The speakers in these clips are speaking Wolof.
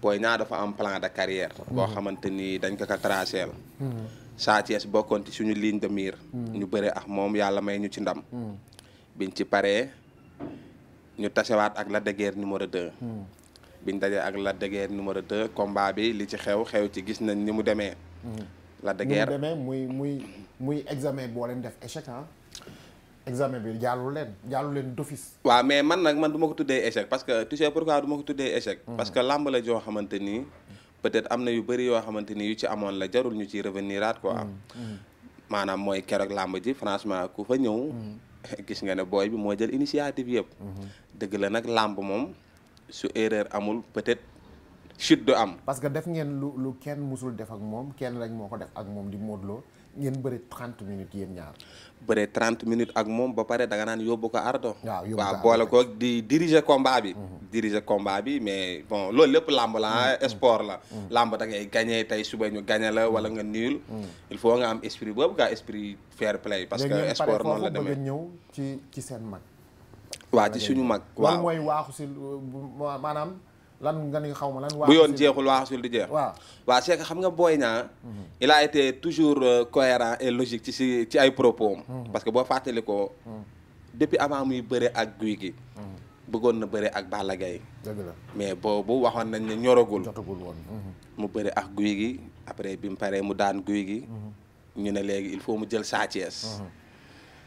Boy Niang dafa am plan de carrière. Mm-hmm. boo xamante ni dañ ko ko tracé la. Mm-hmm. Sa Thiès bokkoon ci suñu ligne de mire. Mm-hmm. ñu bëre ak moom yàlla may ñu ci ndam. biñ ci paree ñu tasewaat ak la de Guiers numéro 2. biñ dajee ak la de Guiers numéro 2 combat bi li ci xew xew ci gis nañ ni mu demee. Lac de muy muy muy examen boo leen def échec ah. examen bi jàllu leen jàllu leen d'office. waa mais man nag man du ma ko tuddee échec parce que tu sais pourquoi du ma ko tuddee échec. Hmm. parce que làmb la joo xamante ni peut-être am na yu bëri yoo xamante ni yu ci amoon la jarul ñu ciy reveniraat quoi. Hmm, hmm. maanaam mooy keroog làmb ji franchement ku fa ñëw. gis nga ne booy bi moo jël initiative yëpp. dëgg la nag làmb moom su erreur amul peut-être. chute du am. parce que def ngeen lu lu kenn musul def ak moom kenn rek moo ko def ak moom di Modou Lo ngeen bëri 30 minutes yéen ñaar. bëre 30 minutes ak moom ba pare danga naan yóbbu ko ardo waaw boole ko di diriger combat bi mhm. diriger combat bi mais bon loolu lépp làmb la mhm. sport la mhm. làmb da ngay gagné tey suba ñu gagné la wala nga nul il faut nga am esprit boobu nga esprit fair play parce que sport noonu la demee ñëw ci ci seen mag waa ci suñu mag waaw mooy waaxu si maanaam lan nga xaw ma lan. waa bu yoon jeexul waa xasul di jeex. waaw waaw c'est xam nga booy Niang. Mhm. il a été toujours euh, cohérent et logique ci si ci ay propos mhm. parce que boo fàttali ko. Mhm. depuis avant muy bëre ak guy gi. bëggoon na bëri ak Balla Gaye dëgg mais boobu waxoon nañ ne ñoragul. jotagul woon. mu bëre ak guy gi après bi mu paree mu daan guy gi. ñu ne léegi il faut mu jël Sa Thiès.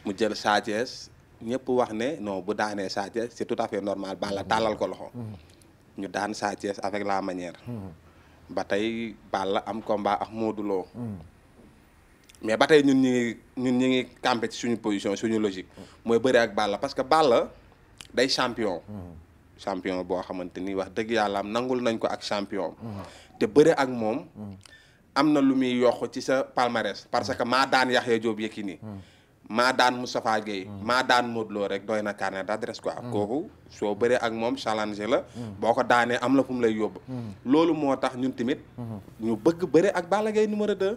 mu jël Sa Thiès ñëpp wax ne non bu daanee Sa Thiès c'est tout à fait normal Balla tàllal ko loxo. ñu daan Sa Thiès avec la manière. ba tey la am combat ak Modou Lo. mais ba tey ñun ñu ngi ñun ñu ngi campé suñu position suñu logique. mooy bëri ak Balla parce que la day champion. champion boo xamante ni wax dëgg yàlla am nangul nañ ko ak champion. te bëri ak moom. am na lu muy yokk ci sa palmarès parce que maa daan Yaxya Joob Yékini nii maa daan Moustapha Gueye maa daan Modou Lo rek doy na carnet d'adresse quoi mm. kooku soo bëree ak moom challenge la mm. boo ko daanee am la fu mu lay yóbbu mm. loolu moo tax ñun tamit mm-hmm. ñu bëgg bëre ak Balla Gaye numéro 2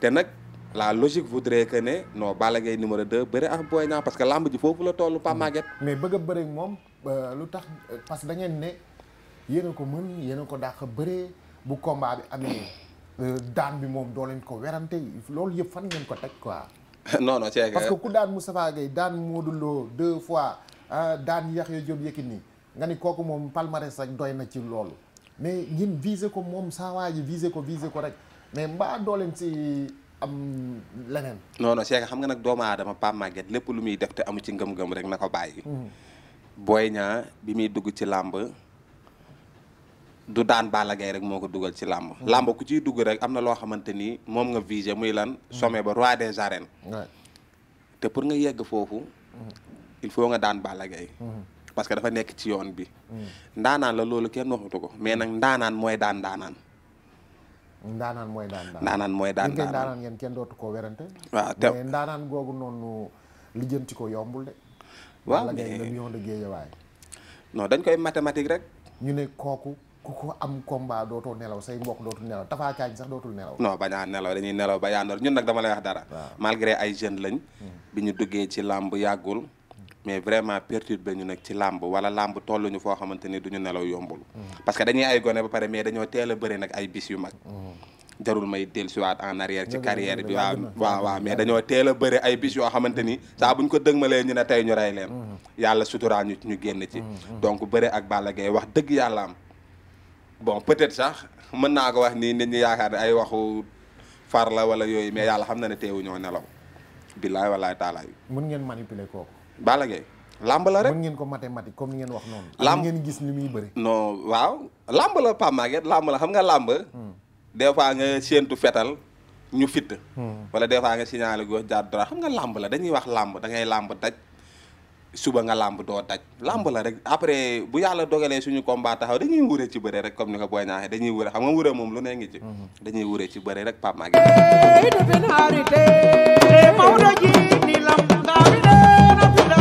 te nag la logique voudrait que ne noo Balla Gaye numéro 2 bëre ak Boy Niang parce que lamb ji foofu la toolu pas maget mais bëgg a moom euh, lu tax euh, parce que da ne yéen ko mën yéen a ko dàq bëre bu combat bi amee euh, daan bi moom doo leen ko werante loolu yëpp fan ngeen ko teg quoi non non c'est parce euh, que ku daan Moustapha Gueye daan Modou Lo deux fois ah, daan Yaxya Diop Yékini nga ni kooku moom palmarès rek doy na ci loolu mais ngeen visé ko moom saa waa ji visé ko visé ko rek mais mbaa dooleen si am leneen. non non xam nga nag doomu aadama Pape Maguette lépp lu muy def te amu ci ngëm-ngëm rek na ko bàyyi. Mm-hmm. booy ñaa bi muy dugg ci làmb. du daan Balla Gaye rek moo ko dugal ci làmb hmm. làmb ku ciy dugg rek am na loo xamante ni moom nga visé muy lan hmm. sommet ba roi des arènes te pour nga yegg foofu hmm. il faut nga daan Balla Gaye parce que dafa nekk ci yoon bi ndaanaan la loolu kenn waxatu ko mais nag ndaanaan mooy daan ndaanaan ndaanaan mooy daan daan ndaanaan mooy daan daan ndaanaan ngeen kenn dootu koo werante waaw te mais ndaanaan googu noonu lijjanti ko yombul de waaw Balla Gaye la million de Guédiawaye non dañ koy mathématique rek ñu ne kooku ku ko am combat dootoo nelaw say mbokk dootul nelaw Tapha Kandji sax dootul nelaw non bañaa nelaw dañuy nelaw ba yaandoor ñun nag dama lay wax dara malgré ay jeunes lañ hmm. bi ñu duggee ci làmb yàggul hmm. mais vraiment perturbé ñu nag ci làmb wala làmb ñu foo xamante ni duñu nelaw yombul hmm. parce que dañuy ay gone ba pare mais dañoo teel a bëri nag ay bis yu mag jarul may dellusiwaat en arrière ci carrière bi waaw waaw waaw mais dañoo teel a bëri ay bis yoo xamante ni saa buñ ko dëgmalee ñu ne tey ñu leen yàlla suturaal ñu ñu génn ci donc bëri ak Balla Gaye wax dëgg yàlla bon peut-être sax mën naa ko wax nii ne ñi yaakaar ne ay waxu far la wala yooyu mais yàlla xam na ne teewuñoo nelaw billaay walaay taalaay. mën ngeen manipuler kooku. Balla Gaye làmb la rek mën ngeen ko mathématique comme ngeen wax noonu. làmb ngeen gis ni muy bëri. non waaw làmb la Pape Maguette làmb la xam nga làmb. Hmm. des fois nga seentu fetal ñu fitt hmm. wala des fois nga signalé gox jaar dara xam nga làmb la dañuy wax làmb da ngay làmb daj. suba nga làmb doo daj làmb la rek après bu yàlla dogalee suñu combat taxaw dañuy wure ci bëre rek comme ni ko booy naaxee dañuy wure xam nga wure moom lu ne ngi ci mhm. dañuy wure ci bëre rek Pape Maguette